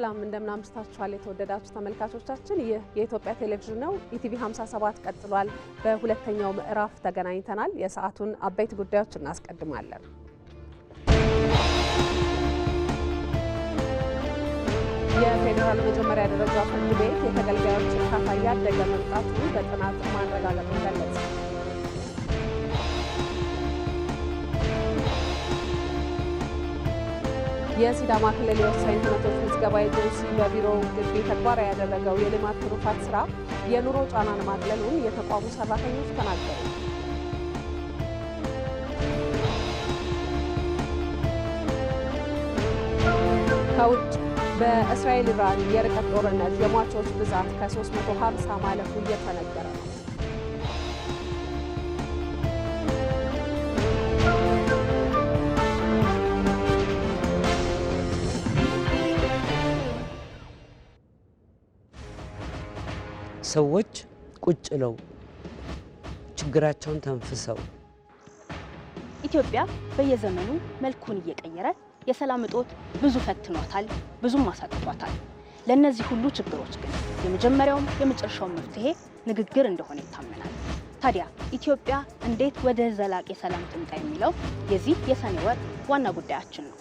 ሰላም እንደምን አምስታችኋል የተወደዳችሁ ተመልካቾቻችን። ይህ የኢትዮጵያ ቴሌቪዥን ነው። ኢቲቪ 57 ቀጥሏል። በሁለተኛው ምዕራፍ ተገናኝተናል። የሰዓቱን አበይት ጉዳዮች እናስቀድማለን። የፌዴራል መጀመሪያ ደረጃ ፍርድ ቤት የተገልጋዮች እርካታ እያደገ መምጣቱ በጥናት ማረጋገጡን ገለጸ። የሲዳማ ክልል የወሳኝ ሁነቶች ምዝገባ ኤጀንሲ በቢሮ ግቢ ተግባራዊ ያደረገው የልማት ትሩፋት ስራ የኑሮ ጫናን ማቅለሉን የተቋሙ ሰራተኞች ተናገሩ። ከውጭ በእስራኤል ኢራን የርቀት ጦርነት የሟቾች ብዛት ከ350 ማለፉ እየተነገረ ሰዎች ቁጭ ለው ችግራቸውን ተንፍሰው ኢትዮጵያ በየዘመኑ መልኩን እየቀየረ የሰላም እጦት ብዙ ፈትኗታል፣ ብዙም አሳጥቷታል። ለእነዚህ ሁሉ ችግሮች ግን የመጀመሪያውም የመጨረሻውን መፍትሄ ንግግር እንደሆነ ይታመናል። ታዲያ ኢትዮጵያ እንዴት ወደ ዘላቂ ሰላም ትምጣ የሚለው የዚህ የሰኔ ወር ዋና ጉዳያችን ነው።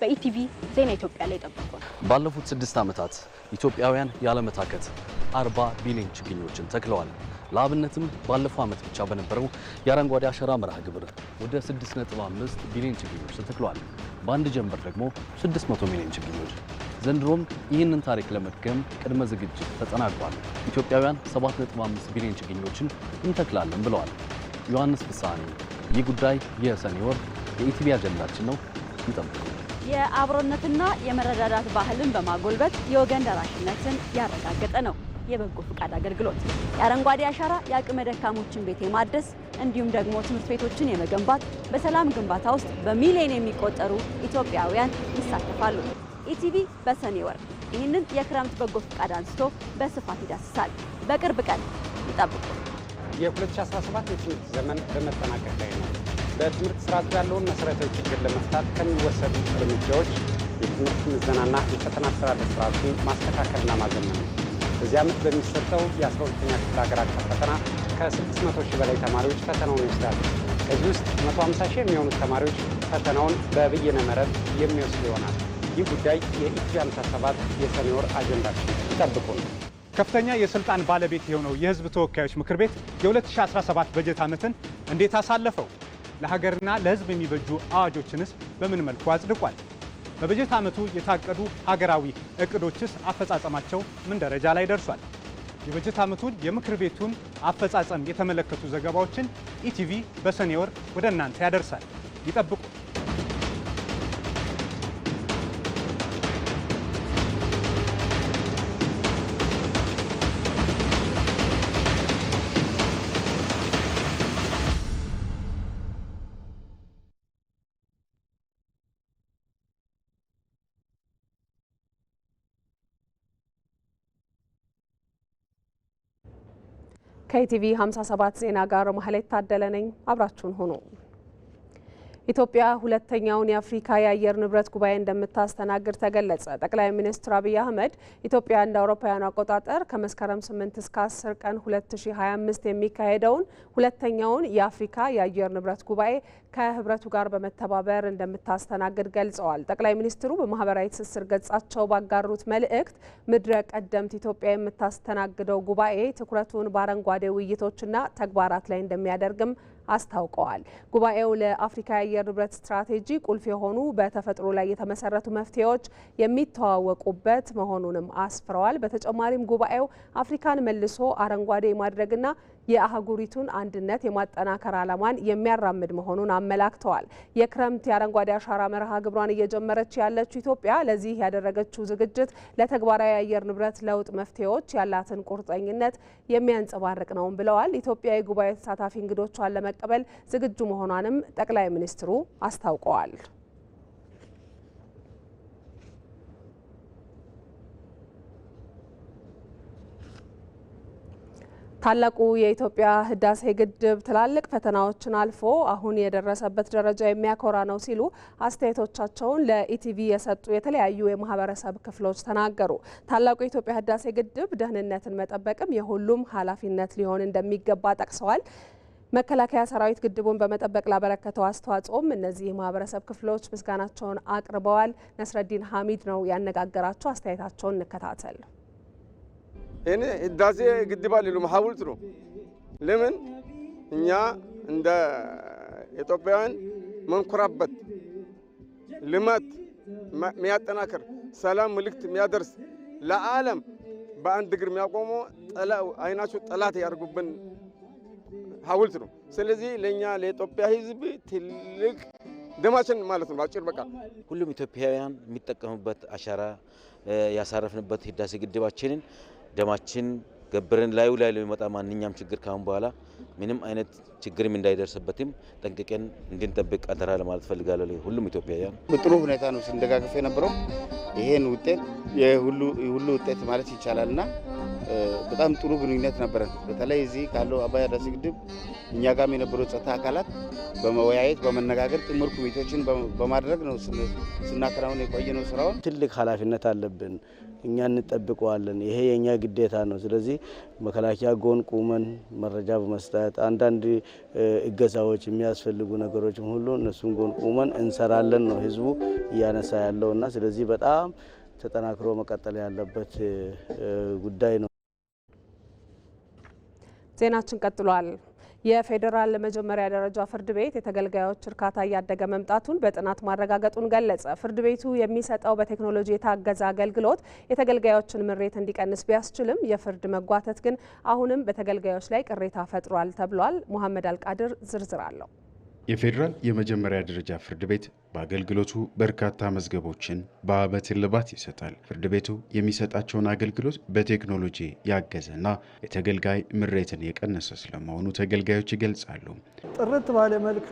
በኢቲቪ ዜና ኢትዮጵያ ላይ ጠብቁ። ባለፉት ስድስት ዓመታት ኢትዮጵያውያን ያለመታከት 40 ቢሊዮን ችግኞችን ተክለዋል። ለአብነትም ባለፈው ዓመት ብቻ በነበረው የአረንጓዴ አሸራ መርሃ ግብር ወደ 6.5 ቢሊዮን ችግኞች ተተክለዋል። በአንድ ጀንበር ደግሞ 600 ሚሊዮን ችግኞች። ዘንድሮም ይህንን ታሪክ ለመድገም ቅድመ ዝግጅት ተጠናቋል። ኢትዮጵያውያን 7.5 ቢሊዮን ችግኞችን እንተክላለን ብለዋል። ዮሐንስ ፍሳሐኔ። ይህ ጉዳይ የሰኔ ወር የኢቲቪ አጀንዳችን ነው። ይጠብቁ። የአብሮነትና የመረዳዳት ባህልን በማጎልበት የወገን ደራሽነትን ያረጋገጠ ነው የበጎ ፍቃድ አገልግሎት። የአረንጓዴ አሻራ የአቅመ ደካሞችን ቤት የማደስ እንዲሁም ደግሞ ትምህርት ቤቶችን የመገንባት በሰላም ግንባታ ውስጥ በሚሊዮን የሚቆጠሩ ኢትዮጵያውያን ይሳተፋሉ። ኢቲቪ በሰኔ ወር ይህንን የክረምት በጎ ፍቃድ አንስቶ በስፋት ይዳስሳል። በቅርብ ቀን ይጠብቁ። የ2017 የትምህርት ዘመን በመጠናቀቅ ላይ ነው። በትምህርት ስርዓት ያለውን መሰረታዊ ችግር ለመፍታት ከሚወሰዱ እርምጃዎች የትምህርት ምዘናና የፈተና አስተዳደር ስርዓቱን ማስተካከልና ማዘመን ነው። በዚህ ዓመት በሚሰጠው የ12ኛ ክፍል ሀገር አቀፍ ፈተና ከ600 ሺህ በላይ ተማሪዎች ፈተናውን ይወስዳሉ። ከዚህ ውስጥ 150 ሺህ የሚሆኑት ተማሪዎች ፈተናውን በብይነ መረብ የሚወስዱ ይሆናል። ይህ ጉዳይ የኢትዮጵያ 57 የሰኔ አጀንዳችን ይጠብቁ ነው። ከፍተኛ የስልጣን ባለቤት የሆነው የህዝብ ተወካዮች ምክር ቤት የ2017 በጀት ዓመትን እንዴት አሳለፈው? ለሀገርና ለሕዝብ የሚበጁ አዋጆችንስ በምን መልኩ አጽድቋል? በበጀት ዓመቱ የታቀዱ ሀገራዊ እቅዶችስ አፈጻጸማቸው ምን ደረጃ ላይ ደርሷል? የበጀት ዓመቱን የምክር ቤቱን አፈጻጸም የተመለከቱ ዘገባዎችን ኢቲቪ በሰኔ ወር ወደ እናንተ ያደርሳል። ይጠብቁ። ከኢቲቪ 57 ዜና ጋር ማህሌት ታደለ ነኝ። አብራችሁን ሁኑ። ኢትዮጵያ ሁለተኛውን የአፍሪካ የአየር ንብረት ጉባኤ እንደምታስተናግድ ተገለጸ። ጠቅላይ ሚኒስትር አብይ አህመድ ኢትዮጵያ እንደ አውሮፓውያኑ አቆጣጠር ከመስከረም 8 እስከ 10 ቀን 2025 የሚካሄደውን ሁለተኛውን የአፍሪካ የአየር ንብረት ጉባኤ ከህብረቱ ጋር በመተባበር እንደምታስተናግድ ገልጸዋል። ጠቅላይ ሚኒስትሩ በማህበራዊ ትስስር ገጻቸው ባጋሩት መልእክት ምድረ ቀደምት ኢትዮጵያ የምታስተናግደው ጉባኤ ትኩረቱን በአረንጓዴ ውይይቶችና ተግባራት ላይ እንደሚያደርግም አስታውቀዋል። ጉባኤው ለአፍሪካ የአየር ንብረት ስትራቴጂ ቁልፍ የሆኑ በተፈጥሮ ላይ የተመሰረቱ መፍትሄዎች የሚተዋወቁበት መሆኑንም አስፍረዋል። በተጨማሪም ጉባኤው አፍሪካን መልሶ አረንጓዴ ማድረግና የአህጉሪቱን አንድነት የማጠናከር ዓላማን የሚያራምድ መሆኑን አመላክተዋል። የክረምት የአረንጓዴ አሻራ መርሃ ግብሯን እየጀመረች ያለችው ኢትዮጵያ ለዚህ ያደረገችው ዝግጅት ለተግባራዊ የአየር ንብረት ለውጥ መፍትሄዎች ያላትን ቁርጠኝነት የሚያንጸባርቅ ነውም ብለዋል። ኢትዮጵያ የጉባኤ ተሳታፊ እንግዶቿን ለመቀበል ዝግጁ መሆኗንም ጠቅላይ ሚኒስትሩ አስታውቀዋል። ታላቁ የኢትዮጵያ ህዳሴ ግድብ ትላልቅ ፈተናዎችን አልፎ አሁን የደረሰበት ደረጃ የሚያኮራ ነው ሲሉ አስተያየቶቻቸውን ለኢቲቪ የሰጡ የተለያዩ የማህበረሰብ ክፍሎች ተናገሩ። ታላቁ የኢትዮጵያ ህዳሴ ግድብ ደህንነትን መጠበቅም የሁሉም ኃላፊነት ሊሆን እንደሚገባ ጠቅሰዋል። መከላከያ ሰራዊት ግድቡን በመጠበቅ ላበረከተው አስተዋጽኦም እነዚህ የማህበረሰብ ክፍሎች ምስጋናቸውን አቅርበዋል። ነስረዲን ሀሚድ ነው ያነጋገራቸው። አስተያየታቸውን እንከታተል። ይህን ህዳሴ ግድብ አይደሉም ሀውልት ነው። ለምን እኛ እንደ ኢትዮጵያውያን መንኮራበት ልማት የሚያጠናክር ሰላም ምልክት የሚያደርስ ለዓለም በአንድ እግር የሚያቆመ አይናቸው ጠላት ያደርጉብን ሀውልት ነው። ስለዚህ ለእኛ ለኢትዮጵያ ህዝብ ትልቅ ደማችን ማለት ነው። አጭር በቃ ሁሉም ኢትዮጵያውያን የሚጠቀሙበት አሻራ ያሳረፍንበት ህዳሴ ግድባችንን ደማችን ገብረን ላዩ ላይ ለሚመጣ ማንኛውም ችግር ካሁን በኋላ ምንም አይነት ችግርም እንዳይደርስበትም ጠንቅቀን እንድንጠብቅ አደራ ለማለት ፈልጋለሁ። ሁሉም ኢትዮጵያውያን በጥሩ ሁኔታ ነው ስንደጋገፍ የነበረው ይሄን ውጤት የሁሉ ውጤት ማለት ይቻላልና በጣም ጥሩ ግንኙነት ነበረን። በተለይ እዚህ ካለው አባይ ህዳሴ ግድብ እኛ ጋም የነበሩ ጸጥታ አካላት በመወያየት በመነጋገር ጥምር ኮሚቴዎችን በማድረግ ነው ስናከናውን የቆየ ነው ስራውን። ትልቅ ኃላፊነት አለብን። እኛ እንጠብቀዋለን። ይሄ የእኛ ግዴታ ነው። ስለዚህ መከላከያ ጎን ቁመን መረጃ በመስጠት አንዳንድ እገዛዎች የሚያስፈልጉ ነገሮችም ሁሉ እነሱን ጎን ቁመን እንሰራለን ነው ህዝቡ እያነሳ ያለው እና ስለዚህ በጣም ተጠናክሮ መቀጠል ያለበት ጉዳይ ነው። ዜናችን ቀጥሏል። የፌዴራል መጀመሪያ ደረጃ ፍርድ ቤት የተገልጋዮች እርካታ እያደገ መምጣቱን በጥናት ማረጋገጡን ገለጸ። ፍርድ ቤቱ የሚሰጠው በቴክኖሎጂ የታገዘ አገልግሎት የተገልጋዮችን ምሬት እንዲቀንስ ቢያስችልም የፍርድ መጓተት ግን አሁንም በተገልጋዮች ላይ ቅሬታ ፈጥሯል ተብሏል። ሙሐመድ አልቃድር ዝርዝር አለው። የፌዴራል የመጀመሪያ ደረጃ ፍርድ ቤት በአገልግሎቱ በርካታ መዝገቦችን በአመት እልባት ይሰጣል። ፍርድ ቤቱ የሚሰጣቸውን አገልግሎት በቴክኖሎጂ ያገዘና የተገልጋይ ምሬትን የቀነሰ ስለመሆኑ ተገልጋዮች ይገልጻሉ። ጥርት ባለ መልክ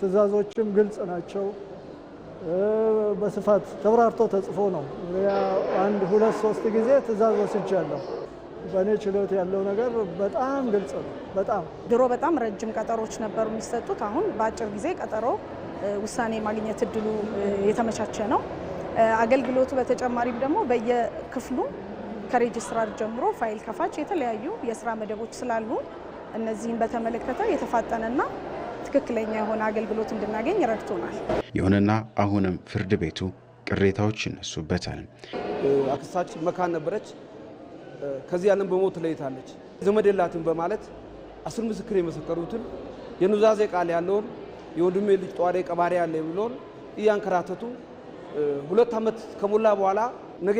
ትዕዛዞችም ግልጽ ናቸው። በስፋት ተብራርቶ ተጽፎ ነው። አንድ ሁለት ሶስት ጊዜ ትዕዛዝ ወስጃለሁ። በእኔ ችሎት ያለው ነገር በጣም ግልጽ ነው። በጣም ድሮ በጣም ረጅም ቀጠሮች ነበሩ የሚሰጡት። አሁን በአጭር ጊዜ ቀጠሮ ውሳኔ ማግኘት እድሉ የተመቻቸ ነው። አገልግሎቱ በተጨማሪም ደግሞ በየክፍሉ ከሬጅስትራር ጀምሮ ፋይል ከፋች የተለያዩ የስራ መደቦች ስላሉ እነዚህን በተመለከተ የተፋጠነና ትክክለኛ የሆነ አገልግሎት እንድናገኝ ረድቶናል። ይሁንና አሁንም ፍርድ ቤቱ ቅሬታዎች ይነሱበታል። አክሳች መካን ነበረች ከዚህ ዓለም በሞት ለይታለች፣ ዘመድ የላትም በማለት አስር ምስክር የመሰከሩትን የኑዛዜ ቃል ያለውን የወንድሜ ልጅ ጠዋሪ ቀባሪ ያለ የሚለውን እያንከራተቱ ሁለት ዓመት ከሞላ በኋላ ነገ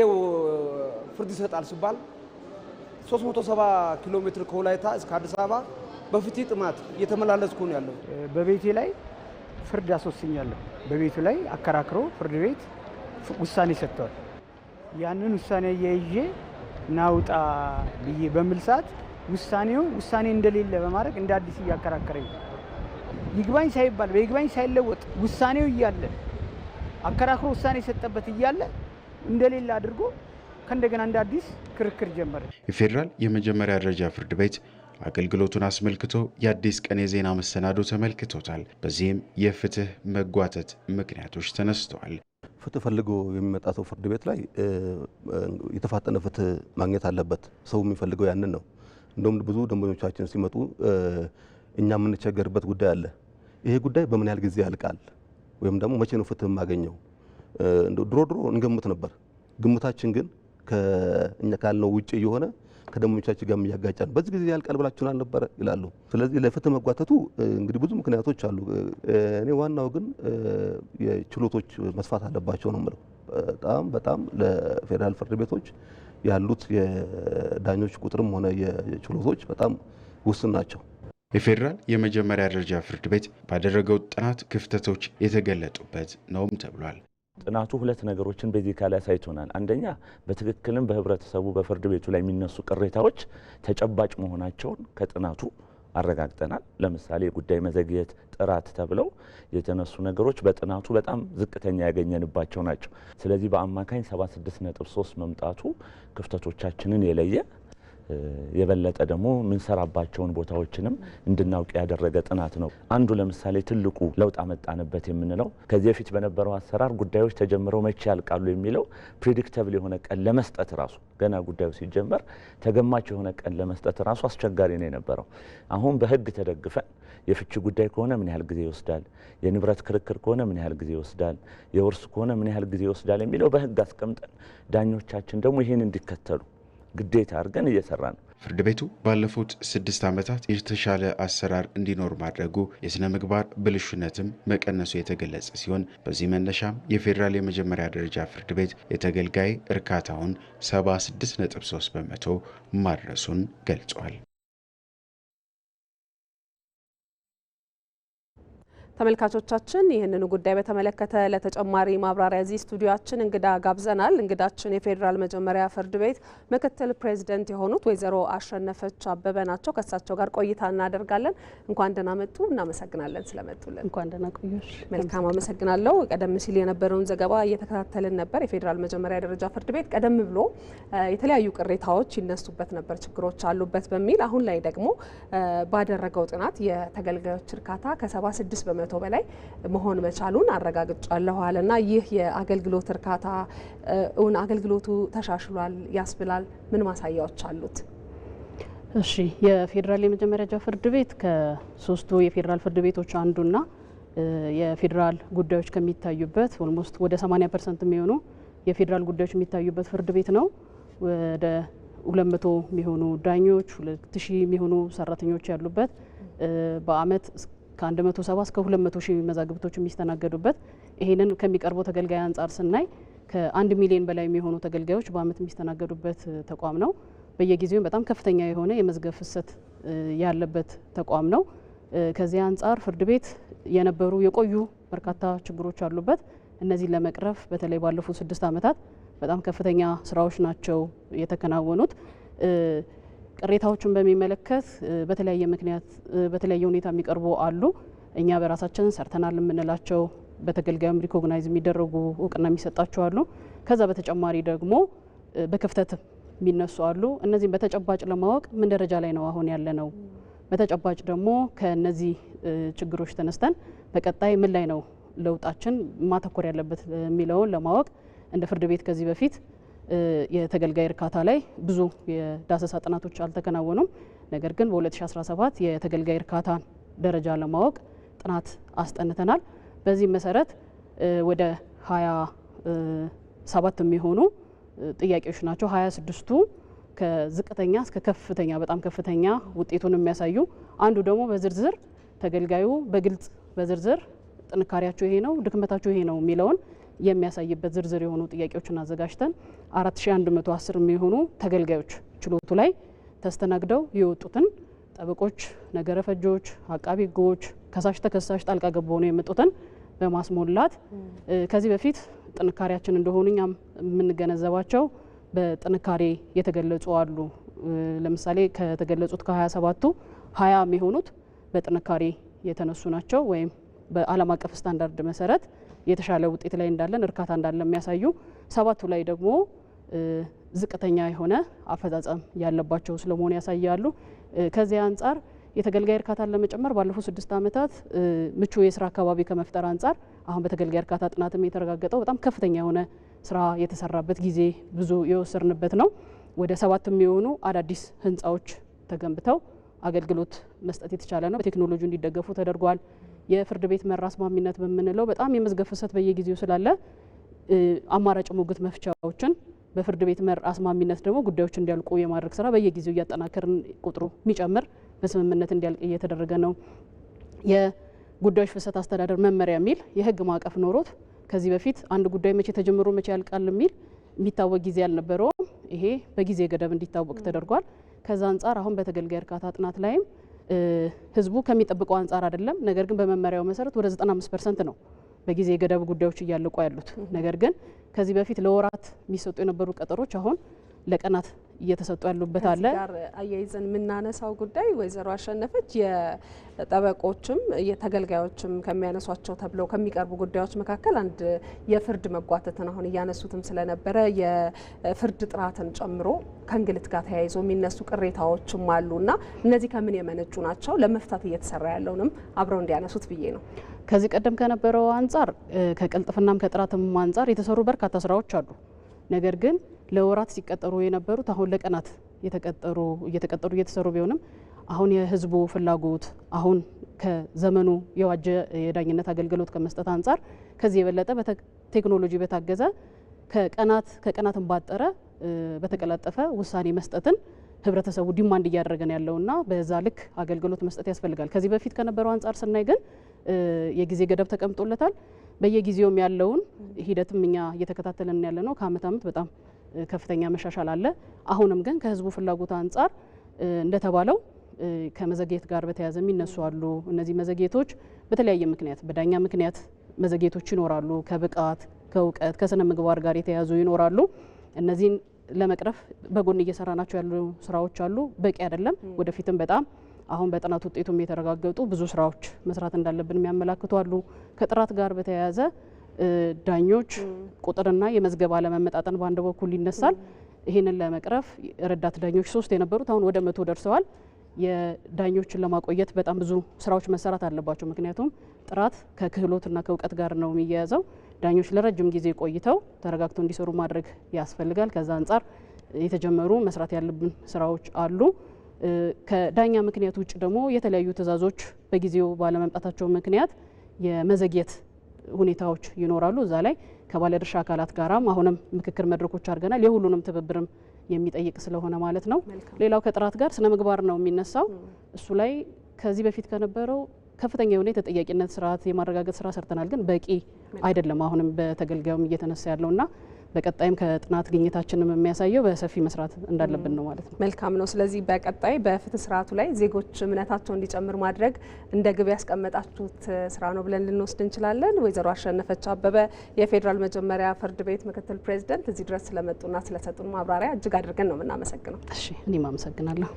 ፍርድ ይሰጣል ሲባል 370 ኪሎ ሜትር ከወላይታ እስከ አዲስ አበባ በፍትህ ጥማት እየተመላለስኩ ነው ያለው። በቤቴ ላይ ፍርድ አስወስኛለሁ። በቤቱ ላይ አከራክሮ ፍርድ ቤት ውሳኔ ሰጥተዋል። ያንን ውሳኔ እያይዤ ናውጣ ብዬ በምል ሰዓት ውሳኔው ውሳኔ እንደሌለ በማድረግ እንደ አዲስ እያከራከረኝ ይግባኝ ሳይባል በይግባኝ ሳይለወጥ ውሳኔው እያለ አከራክሮ ውሳኔ የሰጠበት እያለ እንደሌለ አድርጎ ከእንደገና እንደ አዲስ ክርክር ጀመረ። የፌዴራል የመጀመሪያ ደረጃ ፍርድ ቤት አገልግሎቱን አስመልክቶ የአዲስ ቀን የዜና መሰናዶ ተመልክቶታል። በዚህም የፍትህ መጓተት ምክንያቶች ተነስተዋል። ፍትህ ፈልጎ የሚመጣ ሰው ፍርድ ቤት ላይ የተፋጠነ ፍትህ ማግኘት አለበት። ሰው የሚፈልገው ያንን ነው። እንደውም ብዙ ደንበኞቻችን ሲመጡ እኛ የምንቸገርበት ጉዳይ አለ። ይሄ ጉዳይ በምን ያህል ጊዜ ያልቃል? ወይም ደግሞ መቼ ነው ፍትህ የማገኘው? ድሮ ድሮ እንገምት ነበር። ግምታችን ግን ከእኛ ካልነው ውጭ የሆነ ከደሞቻችን ጋር እያጋጫ ነው። በዚህ ጊዜ ያልቃል ብላችሁን አልነበረ ይላሉ። ስለዚህ ለፍትህ መጓተቱ እንግዲህ ብዙ ምክንያቶች አሉ። እኔ ዋናው ግን የችሎቶች መስፋት አለባቸው ነው የምለው። በጣም በጣም ለፌዴራል ፍርድ ቤቶች ያሉት የዳኞች ቁጥርም ሆነ የችሎቶች በጣም ውስን ናቸው። የፌዴራል የመጀመሪያ ደረጃ ፍርድ ቤት ባደረገው ጥናት ክፍተቶች የተገለጡበት ነውም ተብሏል። ጥናቱ ሁለት ነገሮችን በዚህ ላይ አሳይቶናል። አንደኛ በትክክልም በህብረተሰቡ በፍርድ ቤቱ ላይ የሚነሱ ቅሬታዎች ተጨባጭ መሆናቸውን ከጥናቱ አረጋግጠናል። ለምሳሌ የጉዳይ መዘግየት፣ ጥራት ተብለው የተነሱ ነገሮች በጥናቱ በጣም ዝቅተኛ ያገኘንባቸው ናቸው። ስለዚህ በአማካኝ 76.3 መምጣቱ ክፍተቶቻችንን የለየ የበለጠ ደግሞ የምንሰራባቸውን ቦታዎችንም እንድናውቅ ያደረገ ጥናት ነው። አንዱ ለምሳሌ ትልቁ ለውጥ አመጣንበት የምንለው ከዚህ በፊት በነበረው አሰራር ጉዳዮች ተጀምረው መቼ ያልቃሉ የሚለው ፕሪዲክተብል የሆነ ቀን ለመስጠት ራሱ ገና ጉዳዩ ሲጀመር ተገማች የሆነ ቀን ለመስጠት ራሱ አስቸጋሪ ነው የነበረው። አሁን በህግ ተደግፈን የፍቺ ጉዳይ ከሆነ ምን ያህል ጊዜ ይወስዳል፣ የንብረት ክርክር ከሆነ ምን ያህል ጊዜ ይወስዳል፣ የውርስ ከሆነ ምን ያህል ጊዜ ይወስዳል የሚለው በህግ አስቀምጠን ዳኞቻችን ደግሞ ይህን እንዲከተሉ ግዴታ አድርገን እየሰራ ነው። ፍርድ ቤቱ ባለፉት ስድስት ዓመታት የተሻለ አሰራር እንዲኖር ማድረጉ የሥነ ምግባር ብልሹነትም መቀነሱ የተገለጸ ሲሆን በዚህ መነሻም የፌዴራል የመጀመሪያ ደረጃ ፍርድ ቤት የተገልጋይ እርካታውን 76.3 በመቶ ማድረሱን ገልጿል። ተመልካቾቻችን ይህንኑ ጉዳይ በተመለከተ ለተጨማሪ ማብራሪያ እዚህ ስቱዲዮችን እንግዳ ጋብዘናል። እንግዳችን የፌዴራል መጀመሪያ ፍርድ ቤት ምክትል ፕሬዚደንት የሆኑት ወይዘሮ አሸነፈች አበበ ናቸው። ከእሳቸው ጋር ቆይታ እናደርጋለን። እንኳን ደህና መጡ። እናመሰግናለን ስለመጡልን። እንኳን ደህና ቆዩሽ። መልካም አመሰግናለሁ። ቀደም ሲል የነበረውን ዘገባ እየተከታተልን ነበር። የፌዴራል መጀመሪያ ደረጃ ፍርድ ቤት ቀደም ብሎ የተለያዩ ቅሬታዎች ይነሱበት ነበር፣ ችግሮች አሉበት በሚል አሁን ላይ ደግሞ ባደረገው ጥናት የተገልጋዮች እርካታ ከ76 በመ ከመቶ በላይ መሆን መቻሉን አረጋግጫለሁ አለና ይህ የአገልግሎት እርካታ እውን አገልግሎቱ ተሻሽሏል ያስብላል ምን ማሳያዎች አሉት? እሺ የፌዴራል የመጀመሪያ ፍርድ ቤት ከሶስቱ የፌዴራል ፍርድ ቤቶች አንዱና የፌዴራል ጉዳዮች ከሚታዩበት ኦልሞስት ወደ 80 ፐርሰንት የሚሆኑ የፌዴራል ጉዳዮች የሚታዩበት ፍርድ ቤት ነው። ወደ 200 የሚሆኑ ዳኞች፣ 2000 የሚሆኑ ሰራተኞች ያሉበት በአመት ከ170 እስከ 200 ሺህ መዛግብቶች የሚስተናገዱበት ይሄንን ከሚቀርበው ተገልጋይ አንጻር ስናይ ከአንድ ሚሊዮን በላይ የሚሆኑ ተገልጋዮች በአመት የሚስተናገዱበት ተቋም ነው። በየጊዜው በጣም ከፍተኛ የሆነ የመዝገብ ፍሰት ያለበት ተቋም ነው። ከዚህ አንጻር ፍርድ ቤት የነበሩ የቆዩ በርካታ ችግሮች አሉበት። እነዚህን ለመቅረፍ በተለይ ባለፉት ስድስት ዓመታት በጣም ከፍተኛ ስራዎች ናቸው የተከናወኑት። ቅሬታዎቹን በሚመለከት በተለያየ ምክንያት በተለያየ ሁኔታ የሚቀርቡ አሉ። እኛ በራሳችን ሰርተናል የምንላቸው በተገልጋዩም ሪኮግናይዝ የሚደረጉ እውቅና የሚሰጣቸው አሉ። ከዛ በተጨማሪ ደግሞ በክፍተት የሚነሱ አሉ። እነዚህም በተጨባጭ ለማወቅ ምን ደረጃ ላይ ነው አሁን ያለ ነው፣ በተጨባጭ ደግሞ ከነዚህ ችግሮች ተነስተን በቀጣይ ምን ላይ ነው ለውጣችን ማተኮር ያለበት የሚለውን ለማወቅ እንደ ፍርድ ቤት ከዚህ በፊት የተገልጋይ እርካታ ላይ ብዙ የዳሰሳ ጥናቶች አልተከናወኑም። ነገር ግን በ2017 የተገልጋይ እርካታ ደረጃ ለማወቅ ጥናት አስጠንተናል። በዚህም መሰረት ወደ 27 የሚሆኑ ጥያቄዎች ናቸው። 26ቱ ከዝቅተኛ እስከ ከፍተኛ በጣም ከፍተኛ ውጤቱን የሚያሳዩ አንዱ ደግሞ በዝርዝር ተገልጋዩ በግልጽ በዝርዝር ጥንካሬያቸው ይሄ ነው፣ ድክመታቸው ይሄ ነው የሚለውን የሚያሳይበት ዝርዝር የሆኑ ጥያቄዎችን አዘጋጅተን 4110 የሚሆኑ ተገልጋዮች ችሎቱ ላይ ተስተናግደው የወጡትን ጠበቆች፣ ነገረ ፈጆች፣ አቃቢ ሕጎች፣ ከሳሽ ተከሳሽ ጣልቃ ገብ ሆነው የመጡትን በማስሞላት ከዚህ በፊት ጥንካሬያችን እንደሆኑ እኛም የምንገነዘባቸው በጥንካሬ የተገለጹ አሉ። ለምሳሌ ከተገለጹት ከ27ቱ ሀያ የሚሆኑት በጥንካሬ የተነሱ ናቸው ወይም በዓለም አቀፍ ስታንዳርድ መሰረት የተሻለ ውጤት ላይ እንዳለን እርካታ እንዳለን የሚያሳዩ ሰባቱ ላይ ደግሞ ዝቅተኛ የሆነ አፈጻጸም ያለባቸው ስለመሆኑ ያሳያሉ። ከዚያ አንጻር የተገልጋይ እርካታን ለመጨመር ባለፉት ስድስት ዓመታት ምቹ የስራ አካባቢ ከመፍጠር አንጻር አሁን በተገልጋይ እርካታ ጥናትም የተረጋገጠው በጣም ከፍተኛ የሆነ ስራ የተሰራበት ጊዜ ብዙ የወሰድንበት ነው። ወደ ሰባት የሚሆኑ አዳዲስ ህንፃዎች ተገንብተው አገልግሎት መስጠት የተቻለ ነው። በቴክኖሎጂ እንዲደገፉ ተደርጓል። የፍርድ ቤት መር አስማሚነት በምንለው በጣም የመዝገብ ፍሰት በየጊዜው ስላለ አማራጭ ሙግት መፍቻዎችን በፍርድ ቤት መር አስማሚነት ደግሞ ጉዳዮች እንዲያልቁ የማድረግ ስራ በየጊዜው እያጠናከርን ቁጥሩ የሚጨምር በስምምነት እንዲያልቅ እየተደረገ ነው። የጉዳዮች ፍሰት አስተዳደር መመሪያ የሚል የህግ ማዕቀፍ ኖሮት ከዚህ በፊት አንድ ጉዳይ መቼ ተጀምሮ መቼ ያልቃል የሚል የሚታወቅ ጊዜ አልነበረውም። ይሄ በጊዜ ገደብ እንዲታወቅ ተደርጓል። ከዛ አንጻር አሁን በተገልጋይ እርካታ ጥናት ላይም ህዝቡ ከሚጠብቀው አንጻር አይደለም። ነገር ግን በመመሪያው መሰረት ወደ 95 ፐርሰንት ነው በጊዜ የገደብ ጉዳዮች እያለቁ ያሉት። ነገር ግን ከዚህ በፊት ለወራት የሚሰጡ የነበሩ ቀጠሮች አሁን ለቀናት እየተሰጡ ያሉበት አለ። ጋር አያይዘን የምናነሳው ጉዳይ ወይዘሮ አሸነፈች የጠበቆችም የተገልጋዮችም ከሚያነሷቸው ተብለው ከሚቀርቡ ጉዳዮች መካከል አንድ የፍርድ መጓተትን አሁን እያነሱትም ስለነበረ የፍርድ ጥራትን ጨምሮ ከእንግልት ጋር ተያይዞ የሚነሱ ቅሬታዎችም አሉ እና እነዚህ ከምን የመነጩ ናቸው? ለመፍታት እየተሰራ ያለውንም አብረው እንዲያነሱት ብዬ ነው። ከዚህ ቀደም ከነበረው አንጻር ከቅልጥፍናም ከጥራትም አንጻር የተሰሩ በርካታ ስራዎች አሉ። ነገር ግን ለወራት ሲቀጠሩ የነበሩት አሁን ለቀናት እየተቀጠሩ እየተቀጠሩ እየተሰሩ ቢሆንም አሁን የህዝቡ ፍላጎት አሁን ከዘመኑ የዋጀ የዳኝነት አገልግሎት ከመስጠት አንጻር ከዚህ የበለጠ በቴክኖሎጂ በታገዘ ከቀናት ከቀናትን ባጠረ በተቀላጠፈ ውሳኔ መስጠትን ህብረተሰቡ ዲማንድ እያደረገን ያለውና በዛ ልክ አገልግሎት መስጠት ያስፈልጋል። ከዚህ በፊት ከነበረው አንጻር ስናይ ግን የጊዜ ገደብ ተቀምጦለታል። በየጊዜውም ያለውን ሂደትም እኛ እየተከታተለን ያለ ነው። ከአመት አመት በጣም ከፍተኛ መሻሻል አለ። አሁንም ግን ከህዝቡ ፍላጎት አንጻር እንደተባለው ከመዘግየት ጋር በተያያዘ የሚነሱ አሉ። እነዚህ መዘግየቶች በተለያየ ምክንያት በዳኛ ምክንያት መዘግየቶች ይኖራሉ። ከብቃት ከእውቀት ከስነ ምግባር ጋር የተያያዙ ይኖራሉ። እነዚህን ለመቅረፍ በጎን እየሰራ ናቸው ያሉ ስራዎች አሉ። በቂ አይደለም። ወደፊትም በጣም አሁን በጥናት ውጤቱም የተረጋገጡ ብዙ ስራዎች መስራት እንዳለብን የሚያመላክቱ አሉ። ከጥራት ጋር በተያያዘ ዳኞች ቁጥርና የመዝገብ አለመመጣጠን በአንድ በኩል ይነሳል። ይህንን ለመቅረፍ ረዳት ዳኞች ሶስት የነበሩት አሁን ወደ መቶ ደርሰዋል። የዳኞችን ለማቆየት በጣም ብዙ ስራዎች መሰራት አለባቸው። ምክንያቱም ጥራት ከክህሎትና ከእውቀት ጋር ነው የሚያያዘው። ዳኞች ለረጅም ጊዜ ቆይተው ተረጋግተው እንዲሰሩ ማድረግ ያስፈልጋል። ከዛ አንጻር የተጀመሩ መስራት ያለብን ስራዎች አሉ። ከዳኛ ምክንያት ውጭ ደግሞ የተለያዩ ትዕዛዞች በጊዜው ባለመምጣታቸው ምክንያት የመዘግየት ሁኔታዎች ይኖራሉ። እዛ ላይ ከባለድርሻ አካላት ጋራም አሁንም ምክክር መድረኮች አድርገናል። የሁሉንም ትብብርም የሚጠይቅ ስለሆነ ማለት ነው። ሌላው ከጥራት ጋር ስነ ምግባር ነው የሚነሳው። እሱ ላይ ከዚህ በፊት ከነበረው ከፍተኛ የሆነ የተጠያቂነት ስርዓት የማረጋገጥ ስራ ሰርተናል፣ ግን በቂ አይደለም። አሁንም በተገልጋዩም እየተነሳ ያለውና በቀጣይም ከጥናት ግኝታችንም የሚያሳየው በሰፊ መስራት እንዳለብን ነው ማለት ነው። መልካም ነው። ስለዚህ በቀጣይ በፍትህ ስርዓቱ ላይ ዜጎች እምነታቸው እንዲጨምር ማድረግ እንደ ግብ ያስቀመጣችሁት ስራ ነው ብለን ልንወስድ እንችላለን። ወይዘሮ አሸነፈች አበበ የፌዴራል መጀመሪያ ፍርድ ቤት ምክትል ፕሬዚደንት፣ እዚህ ድረስ ስለመጡና ስለሰጡን ማብራሪያ እጅግ አድርገን ነው የምናመሰግነው። እሺ፣ እኔም አመሰግናለሁ።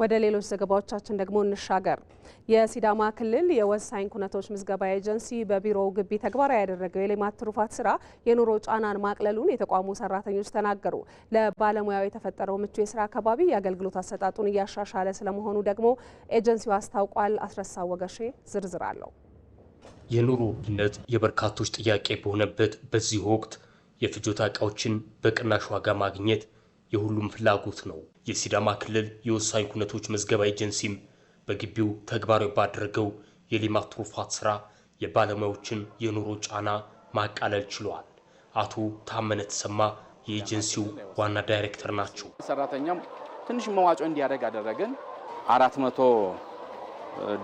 ወደ ሌሎች ዘገባዎቻችን ደግሞ እንሻገር። የሲዳማ ክልል የወሳኝ ኩነቶች ምዝገባ ኤጀንሲ በቢሮው ግቢ ተግባራዊ ያደረገው የሌማት ትሩፋት ስራ የኑሮ ጫናን ማቅለሉን የተቋሙ ሰራተኞች ተናገሩ። ለባለሙያው የተፈጠረው ምቹ የስራ አካባቢ የአገልግሎት አሰጣጡን እያሻሻለ ስለመሆኑ ደግሞ ኤጀንሲው አስታውቋል። አስረሳ ወገሼ ዝርዝር አለው። የኑሮ ውድነት የበርካቶች ጥያቄ በሆነበት በዚህ ወቅት የፍጆታ እቃዎችን በቅናሽ ዋጋ ማግኘት የሁሉም ፍላጎት ነው። የሲዳማ ክልል የወሳኝ ኩነቶች መዝገባ ኤጀንሲም በግቢው ተግባራዊ ባደረገው የሌማት ትሩፋት ስራ የባለሙያዎችን የኑሮ ጫና ማቃለል ችሏል። አቶ ታመነ ተሰማ የኤጀንሲው ዋና ዳይሬክተር ናቸው። ሰራተኛም ትንሽ መዋጮ እንዲያደርግ አደረግን። አራት መቶ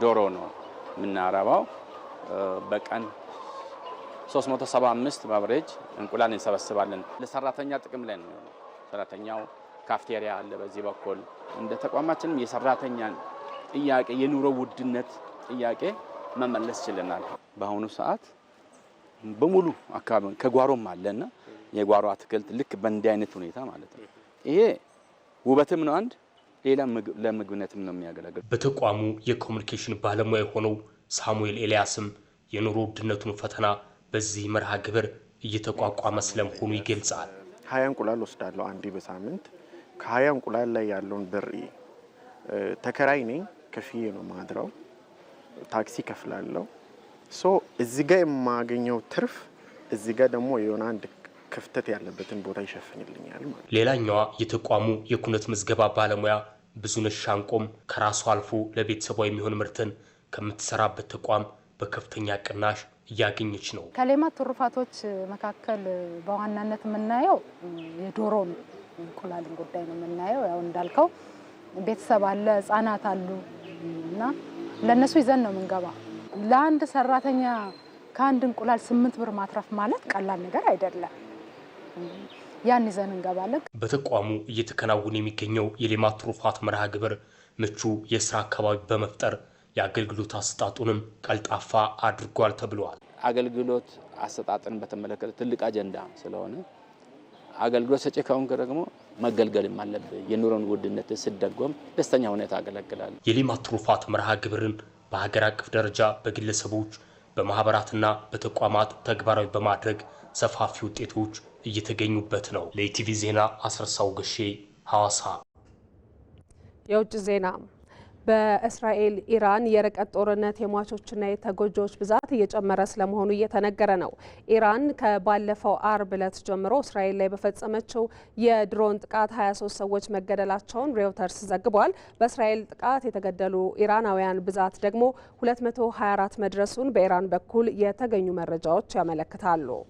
ዶሮ ነው የምናረባው። በቀን 375 ባብሬጅ እንቁላል እንሰበስባለን። ለሰራተኛ ጥቅም ላይ ነው። ሰራተኛው ካፍቴሪያ አለ። በዚህ በኩል እንደ ተቋማችንም የሰራተኛን ጥያቄ የኑሮ ውድነት ጥያቄ መመለስ ችለናል። በአሁኑ ሰዓት በሙሉ አካባቢ ከጓሮም አለና የጓሮ አትክልት ልክ በእንዲህ አይነት ሁኔታ ማለት ነው። ይሄ ውበትም ነው አንድ ሌላ ለምግብነትም ነው የሚያገለግል። በተቋሙ የኮሚኒኬሽን ባለሙያ የሆነው ሳሙኤል ኤልያስም የኑሮ ውድነቱን ፈተና በዚህ መርሃ ግብር እየተቋቋመ ስለመሆኑ ይገልጻል። ሀያ እንቁላል ወስዳለሁ አንዴ በሳምንት ከሀያ እንቁላል ላይ ያለውን ብር ተከራይ ነኝ ከፍዬ ነው ማድረው ታክሲ ከፍላለሁ። ሶ እዚ ጋ የማገኘው ትርፍ እዚ ጋ ደግሞ የሆነ አንድ ክፍተት ያለበትን ቦታ ይሸፍንልኛል ማለት። ሌላኛዋ የተቋሙ የኩነት ምዝገባ ባለሙያ ብዙነሽ ሻንቆም ከራሷ አልፎ ለቤተሰቧ የሚሆን ምርትን ከምትሰራበት ተቋም በከፍተኛ ቅናሽ እያገኘች ነው። ከሌማት ትሩፋቶች መካከል በዋናነት የምናየው የዶሮን እንቁላልን ጉዳይ ነው የምናየው። ያው እንዳልከው ቤተሰብ አለ፣ ህጻናት አሉ እና ለእነሱ ይዘን ነው የምንገባው። ለአንድ ሰራተኛ ከአንድ እንቁላል ስምንት ብር ማትረፍ ማለት ቀላል ነገር አይደለም። ያን ይዘን እንገባለን። በተቋሙ እየተከናወነ የሚገኘው የሌማት ትሩፋት መርሃ ግብር ምቹ የስራ አካባቢ በመፍጠር የአገልግሎት አሰጣጡንም ቀልጣፋ አድርጓል ተብለዋል። አገልግሎት አሰጣጥን በተመለከተ ትልቅ አጀንዳ ስለሆነ አገልግሎት ሰጪ ከሆንክ ደግሞ መገልገልም አለብ። የኑሮን ውድነት ስደጎም ደስተኛ ሁኔታ አገለግላል። የሌማት ትሩፋት መርሃ ግብርን በሀገር አቀፍ ደረጃ በግለሰቦች በማህበራትና በተቋማት ተግባራዊ በማድረግ ሰፋፊ ውጤቶች እየተገኙበት ነው። ለኢቲቪ ዜና አስረሳው ገሼ ሐዋሳ የውጭ ዜና በእስራኤል ኢራን የርቀት ጦርነት የሟቾችና የተጎጂዎች ብዛት እየጨመረ ስለመሆኑ እየተነገረ ነው። ኢራን ከባለፈው አርብ ዕለት ጀምሮ እስራኤል ላይ በፈጸመችው የድሮን ጥቃት 23 ሰዎች መገደላቸውን ሬውተርስ ዘግቧል። በእስራኤል ጥቃት የተገደሉ ኢራናውያን ብዛት ደግሞ 224 መድረሱን በኢራን በኩል የተገኙ መረጃዎች ያመለክታሉ።